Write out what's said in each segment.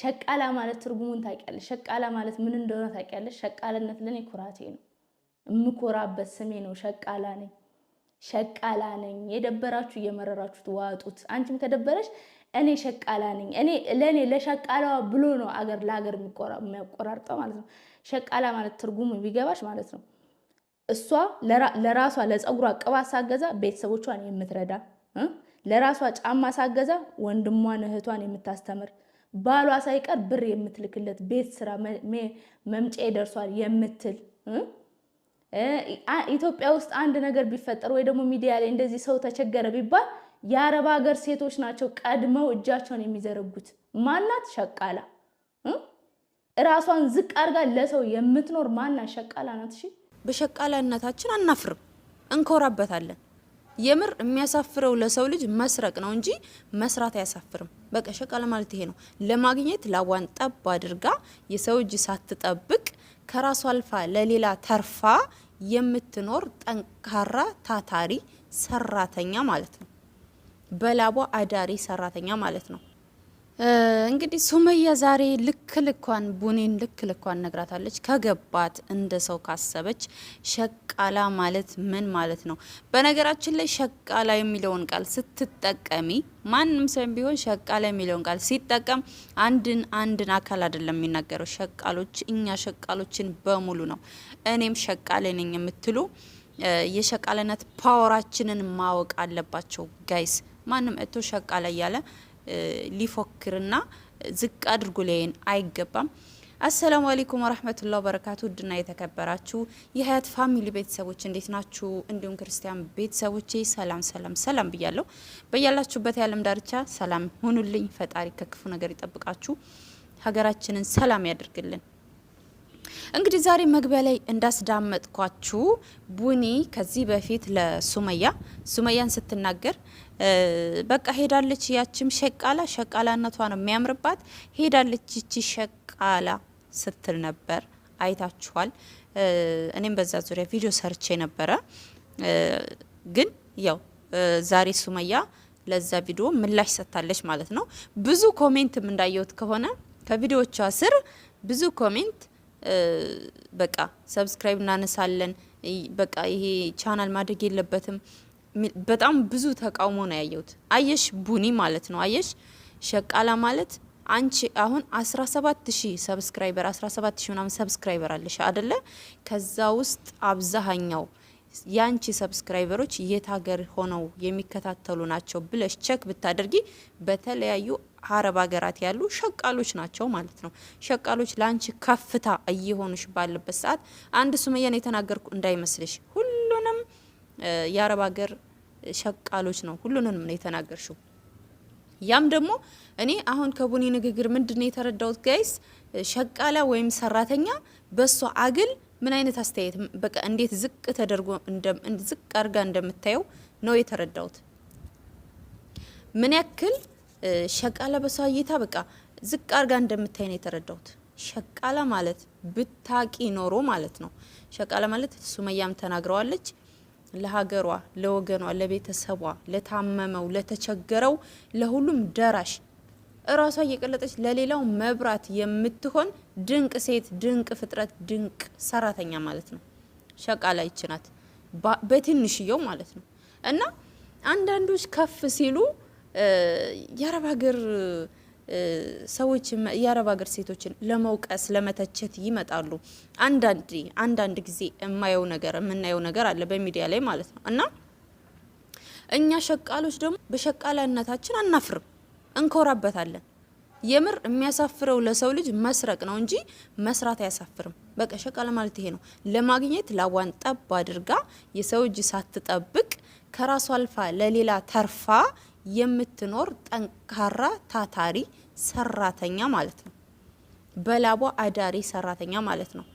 ሸቃላ ማለት ትርጉሙን ታውቂያለሽ? ሸቃላ ማለት ምን እንደሆነ ታውቂያለሽ? ሸቃላነት ለኔ ኩራቴ ነው፣ እምኮራበት ስሜ ነው። ሸቃላ ነኝ፣ ሸቃላ ነኝ። የደበራችሁ እየመረራችሁት ዋጡት። አንቺም ከደበረሽ እኔ ሸቃላ ነኝ። እኔ ለእኔ ለሸቃላዋ ብሎ ነው አገር ለአገር የሚያቆራርጠው ማለት ነው። ሸቃላ ማለት ትርጉሙ ቢገባሽ ማለት ነው። እሷ ለራሷ ለፀጉሯ ቅባት ሳገዛ ቤተሰቦቿን የምትረዳ ለራሷ ጫማ ሳገዛ ወንድሟን እህቷን የምታስተምር ባሏ ሳይቀር ብር የምትልክለት ቤት ስራ መምጫ ደርሷል የምትል ኢትዮጵያ ውስጥ አንድ ነገር ቢፈጠር ወይ ደግሞ ሚዲያ ላይ እንደዚህ ሰው ተቸገረ ቢባል የአረብ ሀገር ሴቶች ናቸው ቀድመው እጃቸውን የሚዘረጉት። ማናት ሸቃላ እራሷን ዝቅ አድርጋ ለሰው የምትኖር ማናት ሸቃላ ናት። እሺ በሸቃላነታችን አናፍርም፣ እንኮራበታለን። የምር የሚያሳፍረው ለሰው ልጅ መስረቅ ነው እንጂ መስራት አያሳፍርም። በቃ ሸቃ ለማለት ይሄ ነው። ለማግኘት ላቧን ጠብ አድርጋ የሰው እጅ ሳትጠብቅ ከራሷ አልፋ ለሌላ ተርፋ የምትኖር ጠንካራ ታታሪ ሰራተኛ ማለት ነው። በላቧ አዳሪ ሰራተኛ ማለት ነው። እንግዲህ ሱመያ ዛሬ ልክ ልኳን ቡኔን ልክ ልኳን ነግራታለች። ከገባት እንደ ሰው ካሰበች ሸቃላ ማለት ምን ማለት ነው? በነገራችን ላይ ሸቃላ የሚለውን ቃል ስትጠቀሚ ማንም ሰው ቢሆን ሸቃላ የሚለውን ቃል ሲጠቀም አንድን አንድን አካል አይደለም የሚናገረው። ሸቃሎች እኛ ሸቃሎችን በሙሉ ነው። እኔም ሸቃሌ ነኝ የምትሉ የሸቃላነት ፓወራችንን ማወቅ አለባቸው ጋይስ። ማንም እቶ ሸቃላ እያለ ሊፎክርና ዝቅ አድርጎ ሊያየን አይገባም። አሰላሙ አሌይኩም ወረህመቱላ በረካቱ ውድና የተከበራችሁ የሀያት ፋሚሊ ቤተሰቦች እንዴት ናችሁ? እንዲሁም ክርስቲያን ቤተሰቦቼ ሰላም ሰላም ሰላም ብያለሁ። በያላችሁበት የዓለም ዳርቻ ሰላም ሁኑልኝ። ፈጣሪ ከክፉ ነገር ይጠብቃችሁ፣ ሀገራችንን ሰላም ያደርግልን። እንግዲህ ዛሬ መግቢያ ላይ እንዳስዳመጥኳችሁ ቡኒ ከዚህ በፊት ለሱመያ ሱመያን ስትናገር በቃ ሄዳለች። ያችም ሸቃላ ሸቃላነቷ ነው የሚያምርባት። ሄዳለች ይቺ ሸቃላ ስትል ነበር፣ አይታችኋል። እኔም በዛ ዙሪያ ቪዲዮ ሰርቼ ነበረ። ግን ያው ዛሬ ሱመያ ለዛ ቪዲዮ ምላሽ ሰጥታለች ማለት ነው። ብዙ ኮሜንትም እንዳየሁት ከሆነ ከቪዲዮቿ ስር ብዙ ኮሜንት በቃ ሰብስክራይብ እናነሳለን። በቃ ይሄ ቻናል ማደግ የለበትም። በጣም ብዙ ተቃውሞ ነው ያየሁት። አየሽ ቡኒ ማለት ነው አየሽ ሸቃላ ማለት አንቺ አሁን 17 17000 ሰብስክራይበር 17000 ምናምን ሰብስክራይበር አለሽ አደለ? ከዛ ውስጥ አብዛኛው ያንቺ ሰብስክራይበሮች የት ሀገር ሆነው የሚከታተሉ ናቸው ብለሽ ቸክ ብታደርጊ በተለያዩ አረብ ሀገራት ያሉ ሸቃሎች ናቸው ማለት ነው። ሸቃሎች ለአንቺ ከፍታ እየሆኑሽ ባለበት ሰዓት አንድ ሱመያን የተናገርኩ እንዳይመስልሽ ሁሉንም የአረብ ሀገር ሸቃሎች ነው ሁሉንም ነው የተናገርሽው። ያም ደግሞ እኔ አሁን ከቡኒ ንግግር ምንድን ነው የተረዳሁት? ጋይስ ሸቃላ ወይም ሰራተኛ በሷ አግል ምን አይነት አስተያየት በቃ እንዴት ዝቅ ተደርጎ ዝቅ አድርጋ እንደምታየው ነው የተረዳሁት። ምን ያክል ሸቃላ በሰው እይታ በቃ ዝቅ አድርጋ እንደምታይ ነው የተረዳሁት። ሸቃላ ማለት ብታቂ ኖሮ ማለት ነው። ሸቃላ ማለት ሱመያም ተናግረዋለች። ለሀገሯ፣ ለወገኗ፣ ለቤተሰቧ፣ ለታመመው፣ ለተቸገረው፣ ለሁሉም ደራሽ እራሷ እየቀለጠች ለሌላው መብራት የምትሆን ድንቅ ሴት፣ ድንቅ ፍጥረት፣ ድንቅ ሰራተኛ ማለት ነው። ሸቃላይች ናት በትንሽየው ማለት ነው። እና አንዳንዶች ከፍ ሲሉ የአረብ ሀገር ሰዎች የአረብ ሀገር ሴቶችን ለመውቀስ ለመተቸት ይመጣሉ። አንዳንድ አንዳንድ ጊዜ የማየው ነገር የምናየው ነገር አለ በሚዲያ ላይ ማለት ነው። እና እኛ ሸቃሎች ደግሞ በሸቃላነታችን አናፍርም። እንኮራበታለን። የምር የሚያሳፍረው ለሰው ልጅ መስረቅ ነው እንጂ መስራት አያሳፍርም። በቃ ሸቃላ ማለት ይሄ ነው። ለማግኘት ላቧን ጠብ አድርጋ የሰው እጅ ሳትጠብቅ ከራሷ አልፋ ለሌላ ተርፋ የምትኖር ጠንካራ ታታሪ ሰራተኛ ማለት ነው። በላቧ አዳሪ ሰራተኛ ማለት ነው።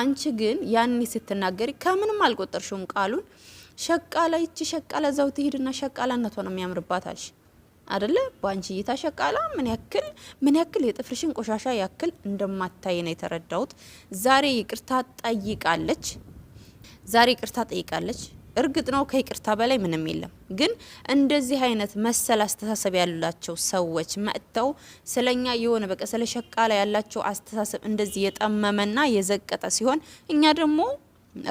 አንቺ ግን ያኔ ስትናገሪ ከምንም አልቆጠርሽውም ቃሉን። ሸቃላ ይቺ ሸቃላ እዛው ትሄድና ሸቃላነቷ ነው የሚያምርባታልሽ አደለ በአንቺ እይታ ሸቃላ ምን ያክል ምን ያክል የጥፍርሽን ቆሻሻ ያክል እንደማታይ ነው የተረዳሁት። ዛሬ ይቅርታ ጠይቃለች። ዛሬ ይቅርታ ጠይቃለች። እርግጥ ነው ከይቅርታ በላይ ምንም የለም። ግን እንደዚህ አይነት መሰል አስተሳሰብ ያላቸው ሰዎች መጥተው ስለኛ የሆነ በቃ ስለ ሸቃላ ያላቸው አስተሳሰብ እንደዚህ የጠመመና የዘቀጠ ሲሆን እኛ ደግሞ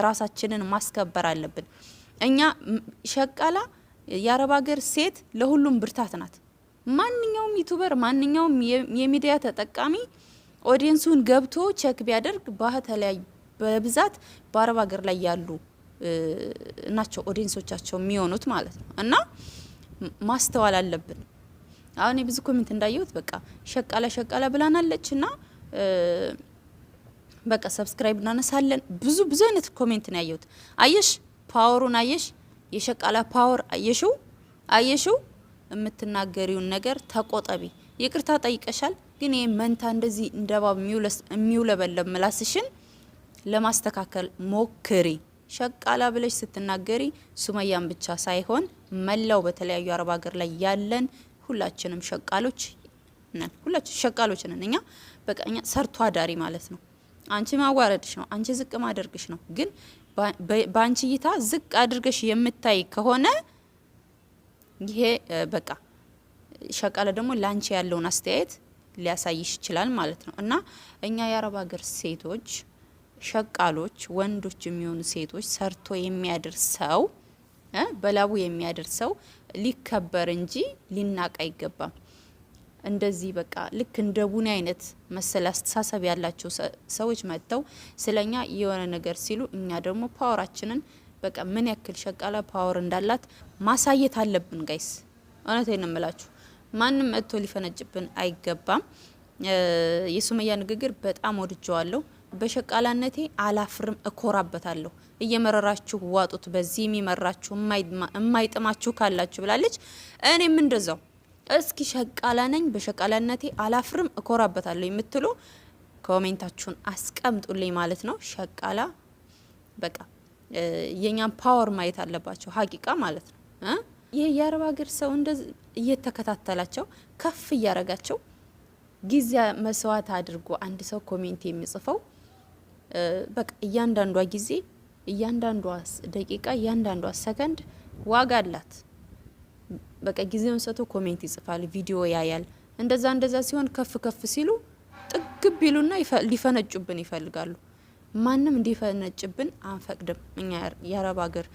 ራሳችንን ማስከበር አለብን። እኛ ሸቃላ የአረብ ሀገር ሴት ለሁሉም ብርታት ናት። ማንኛውም ዩቱበር፣ ማንኛውም የሚዲያ ተጠቃሚ ኦዲየንሱን ገብቶ ቸክ ቢያደርግ በተለያዩ በብዛት በአረብ ሀገር ላይ ያሉ ናቸው ኦዲየንሶቻቸው የሚሆኑት ማለት ነው። እና ማስተዋል አለብን። አሁን የብዙ ኮሜንት እንዳየሁት በቃ ሸቃላ ሸቃላ ብላናለች እና በቃ ሰብስክራይብ እናነሳለን። ብዙ ብዙ አይነት ኮሜንት ነው ያየሁት። አየሽ ፓወሩን አየሽ የሸቃላ ፓወር አየሽው፣ አየሽው የምትናገሪውን ነገር ተቆጠቢ። ይቅርታ ጠይቀሻል፣ ግን ይህ መንታ እንደዚህ እንደባብ የሚውለበለብ ምላስሽን ለማስተካከል ሞክሪ። ሸቃላ ብለሽ ስትናገሪ ሱመያን ብቻ ሳይሆን መላው በተለያዩ አረብ ሀገር ላይ ያለን ሁላችንም ሸቃሎች ነን። ሁላችን ሸቃሎች ነን። እኛ በቃ እኛ ሰርቶ አዳሪ ማለት ነው። አንቺ ማዋረድሽ ነው። አንቺ ዝቅ ማደርግሽ ነው። ግን በአንቺ እይታ ዝቅ አድርገሽ የምታይ ከሆነ ይሄ በቃ ሸቃለ ደግሞ ላንቺ ያለውን አስተያየት ሊያሳይሽ ይችላል ማለት ነው። እና እኛ የአረብ ሀገር ሴቶች ሸቃሎች፣ ወንዶች የሚሆኑ ሴቶች ሰርቶ የሚያድር ሰው በላቡ የሚያድር ሰው ሊከበር እንጂ ሊናቅ አይገባም። እንደዚህ በቃ ልክ እንደ ቡኒ አይነት መሰል አስተሳሰብ ያላቸው ሰዎች መጥተው ስለኛ የሆነ ነገር ሲሉ እኛ ደግሞ ፓወራችንን በቃ ምን ያክል ሸቃላ ፓወር እንዳላት ማሳየት አለብን ጋይስ። እውነቴን ነው የምላችሁ። ማንም መጥቶ ሊፈነጭብን አይገባም። የሱመያ ንግግር በጣም ወድጀዋለሁ። በሸቃላነቴ አላፍርም፣ እኮራበታለሁ። እየመረራችሁ ዋጡት፣ በዚህ የሚመራችሁ የማይጥማችሁ ካላችሁ ብላለች። እኔም እንደዛው እስኪ ሸቃላ ነኝ በሸቃላነቴ አላፍርም እኮራበታለሁ የምትሉ ኮሜንታችሁን አስቀምጡልኝ ማለት ነው። ሸቃላ በቃ የኛን ፓወር ማየት አለባቸው ሀቂቃ ማለት ነው። ይህ የአረብ ሀገር ሰው እንደዚህ እየተከታተላቸው ከፍ እያረጋቸው ጊዜ መስዋዕት አድርጎ አንድ ሰው ኮሜንት የሚጽፈው በቃ እያንዳንዷ ጊዜ እያንዳንዷ ደቂቃ እያንዳንዷ ሰከንድ ዋጋ አላት። በቃ ጊዜውን ሰጥቶ ኮሜንት ይጽፋል፣ ቪዲዮ ያያል። እንደዛ እንደዛ ሲሆን ከፍ ከፍ ሲሉ ጥግብ ቢሉና ሊፈነጩብን ይፈልጋሉ። ማንም እንዲፈነጭብን አንፈቅድም። እኛ የአረብ ሀገር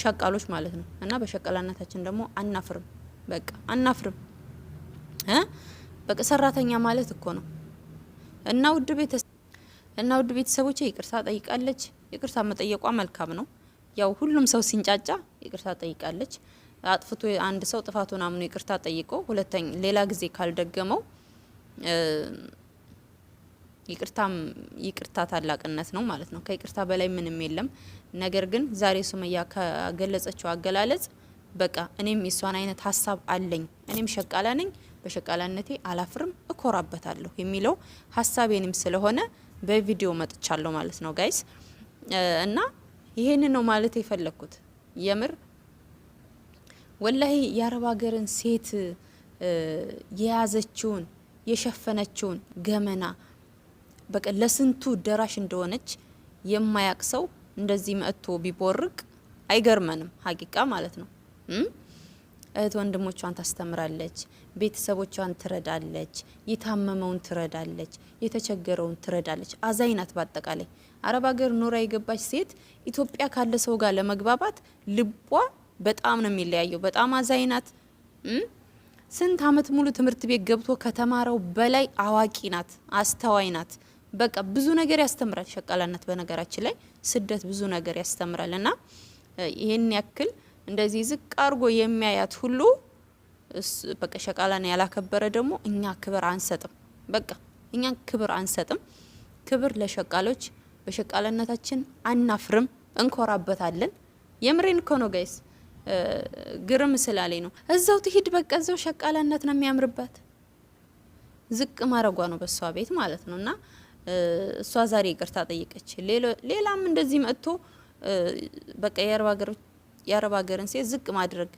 ሸቃሎች ማለት ነው እና በሸቀላነታችን ደግሞ አናፍርም። በቃ አናፍርም። በቃ ሰራተኛ ማለት እኮ ነው እና ውድ ቤተ እና ውድ ቤተሰቦቼ ይቅርታ ጠይቃለች። ይቅርታ መጠየቋ መልካም ነው። ያው ሁሉም ሰው ሲንጫጫ ይቅርታ ጠይቃለች። አጥፍቶ አንድ ሰው ጥፋቱን አምኖ ይቅርታ ጠይቆ ሁለተኛ ሌላ ጊዜ ካልደገመው ይቅርታም ይቅርታ ታላቅነት ነው ማለት ነው። ከይቅርታ በላይ ምንም የለም። ነገር ግን ዛሬ ሱመያ ከገለጸችው አገላለጽ በቃ እኔም የሷን አይነት ሀሳብ አለኝ፣ እኔም ሸቃላ ነኝ፣ በሸቃላነቴ አላፍርም፣ እኮራበታለሁ የሚለው ሀሳብ የኔም ስለሆነ በቪዲዮ መጥቻለሁ ማለት ነው ጋይስ። እና ይሄንን ነው ማለት የፈለግኩት የምር ወላሂ የአረብ ሀገርን ሴት የያዘችውን የሸፈነችውን ገመና በቃ ለስንቱ ደራሽ እንደሆነች የማያቅ ሰው እንደዚህ መጥቶ ቢቦርቅ አይገርመንም። ሀቂቃ ማለት ነው። እህት ወንድሞቿን ታስተምራለች፣ ቤተሰቦቿን ትረዳለች፣ የታመመውን ትረዳለች፣ የተቸገረውን ትረዳለች። አዛኝ ናት። በአጠቃላይ አረብ ሀገር ኖራ የገባች ሴት ኢትዮጵያ ካለ ሰው ጋር ለመግባባት ልቧ በጣም ነው የሚለያየው። በጣም አዛኝ ናት። ስንት አመት ሙሉ ትምህርት ቤት ገብቶ ከተማረው በላይ አዋቂ ናት፣ አስተዋይ ናት። በቃ ብዙ ነገር ያስተምራል። ሸቃላነት በነገራችን ላይ ስደት ብዙ ነገር ያስተምራል እና ይህን ያክል እንደዚህ ዝቅ አድርጎ የሚያያት ሁሉ በቃ ሸቃላን ያላከበረ ደግሞ እኛ ክብር አንሰጥም። በቃ እኛ ክብር አንሰጥም። ክብር ለሸቃሎች፣ በሸቃላነታችን አናፍርም፣ እንኮራበታለን። የምሬን ኮኖ ጋይስ። ግርም ስላለኝ ነው። እዛው ትሂድ በቃ እዛው ሸቃላነት ነው የሚያምርባት። ዝቅ ማረጓ ነው በሷ ቤት ማለት ነው። እና እሷ ዛሬ ይቅርታ ጠይቀች። ሌላም እንደዚህ መጥቶ በቃ የአረብ ሀገርን ሴት ዝቅ ማድረግ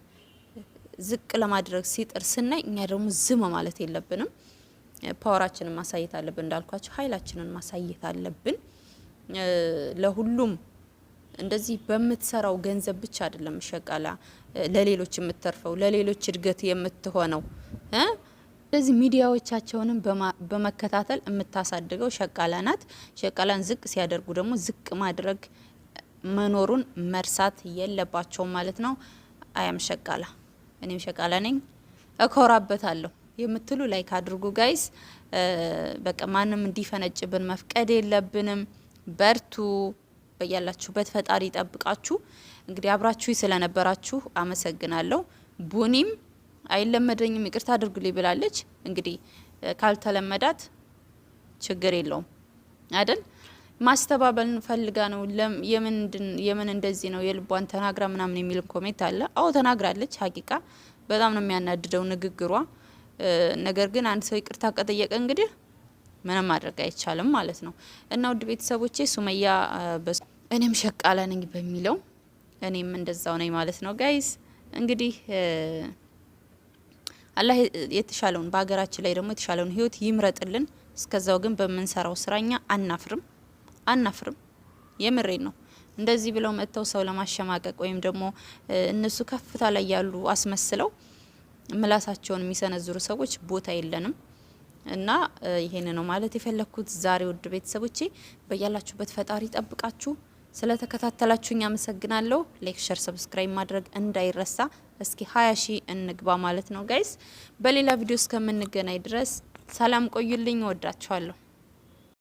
ዝቅ ለማድረግ ሲጥር ስናይ እኛ ደግሞ ዝም ማለት የለብንም። ፓወራችንን ማሳየት አለብን። እንዳልኳቸው ኃይላችንን ማሳየት አለብን ለሁሉም እንደዚህ በምትሰራው ገንዘብ ብቻ አይደለም ሸቀላ ለሌሎች የምትተርፈው ለሌሎች እድገት የምትሆነው እ እንደዚህ ሚዲያዎቻቸውንም በመከታተል የምታሳድገው ሸቃላ ናት። ሸቃላን ዝቅ ሲያደርጉ ደግሞ ዝቅ ማድረግ መኖሩን መርሳት የለባቸውም ማለት ነው። አያም ሸቃላ እኔም ሸቃላ ነኝ እኮራበታለሁ የምትሉ ላይክ አድርጉ ጋይስ። በቃ ማንም እንዲፈነጭብን መፍቀድ የለብንም። በርቱ። በያላችሁበት ፈጣሪ ይጠብቃችሁ። እንግዲህ አብራችሁ ስለነበራችሁ አመሰግናለሁ። ቡኒም አይለመደኝም ይቅርታ አድርጉልኝ ብላለች። እንግዲህ ካልተለመዳት ችግር የለውም አይደል? ማስተባበል ፈልጋ ነው የምን እንደዚህ ነው የልቧን ተናግራ ምናምን የሚል ኮሜንት አለ። አዎ ተናግራለች። ሀቂቃ በጣም ነው የሚያናድደው ንግግሯ። ነገር ግን አንድ ሰው ይቅርታ ከጠየቀ እንግዲህ ምንም ማድረግ አይቻልም ማለት ነው እና ውድ ቤተሰቦቼ ሱመያ እኔም ሸቃለ ነኝ በሚለው እኔም እንደዛው ነኝ ማለት ነው ጋይስ። እንግዲህ አላህ የተሻለውን በሀገራችን ላይ ደግሞ የተሻለውን ህይወት ይምረጥልን። እስከዛው ግን በምንሰራው ስራኛ አናፍርም አናፍርም። የምሬን ነው። እንደዚህ ብለው መጥተው ሰው ለማሸማቀቅ ወይም ደግሞ እነሱ ከፍታ ላይ ያሉ አስመስለው ምላሳቸውን የሚሰነዝሩ ሰዎች ቦታ የለንም እና ይሄን ነው ማለት የፈለግኩት ዛሬ። ውድ ቤተሰቦቼ በያላችሁበት ፈጣሪ ጠብቃችሁ ስለተከታተላችሁኝ አመሰግናለሁ። ሌክቸር ሰብስክራይብ ማድረግ እንዳይረሳ። እስኪ 20 ሺህ እንግባ ማለት ነው ጋይስ። በሌላ ቪዲዮ እስከምንገናኝ ድረስ ሰላም ቆዩልኝ። ወዳችኋለሁ።